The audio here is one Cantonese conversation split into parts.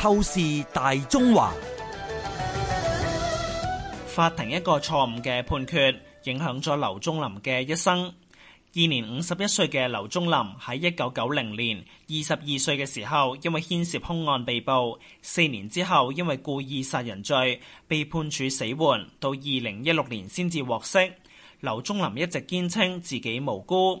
透視大中華，法庭一個錯誤嘅判決影響咗劉忠林嘅一生。現年五十一歲嘅劉忠林喺一九九零年二十二歲嘅時候，因為牽涉兇案被捕，四年之後因為故意殺人罪被判處死緩，到二零一六年先至獲釋。劉忠林一直堅稱自己無辜。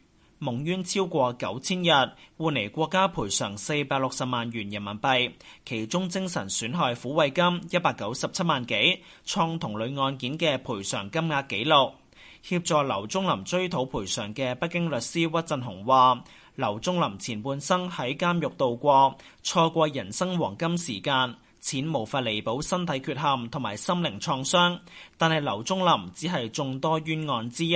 蒙冤超過九千日，換嚟國家賠償四百六十萬元人民幣，其中精神損害撫慰金一百九十七萬幾，創同類案件嘅賠償金額紀錄。協助劉忠林追討賠償嘅北京律師屈振紅話，劉忠林前半生喺監獄度過，錯過人生黃金時間，錢無法彌補身體缺陷同埋心靈創傷。但係劉忠林只係眾多冤案之一。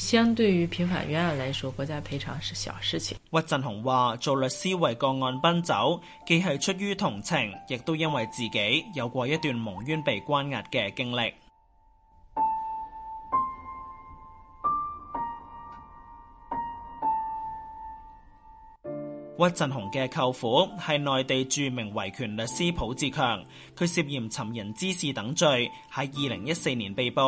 相對於平反冤案來說，國家賠償是小事情。屈振紅話：做律師為個案奔走，既係出於同情，亦都因為自己有過一段蒙冤被關押嘅經歷。屈振紅嘅舅父係內地著名維權律師浦志強，佢涉嫌尋人滋事等罪，喺二零一四年被捕。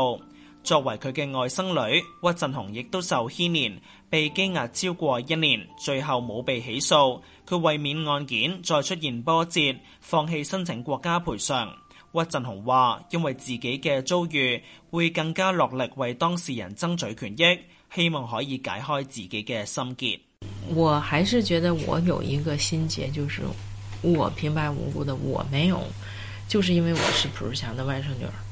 作為佢嘅外甥女，屈振紅亦都受牽連，被羈押超過一年，最後冇被起訴。佢為免案件再出現波折，放棄申請國家賠償。屈振紅話：因為自己嘅遭遇，會更加落力為當事人爭取權益，希望可以解開自己嘅心結。我還是覺得我有一個心結，就是我平白無故的我沒有，就是因為我是浦志強的外甥女。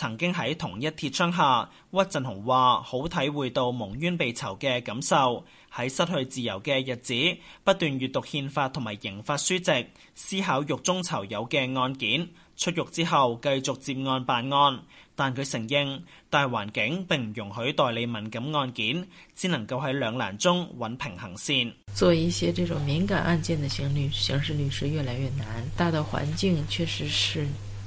曾經喺同一鐵窗下，屈振紅話好體會到蒙冤被囚嘅感受。喺失去自由嘅日子，不斷閱讀憲法同埋刑法書籍，思考獄中囚友嘅案件。出獄之後，繼續接案辦案，但佢承認大環境並唔容許代理敏感案件，只能夠喺兩難中揾平衡線。做一些這種敏感案件的刑律刑事律師越來越難，大的環境確實是。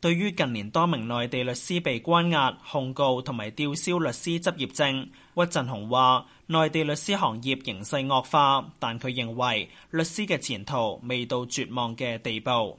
對於近年多名內地律師被關押、控告同埋吊銷律師執業證，屈振紅話：內地律師行業形勢惡化，但佢認為律師嘅前途未到絕望嘅地步。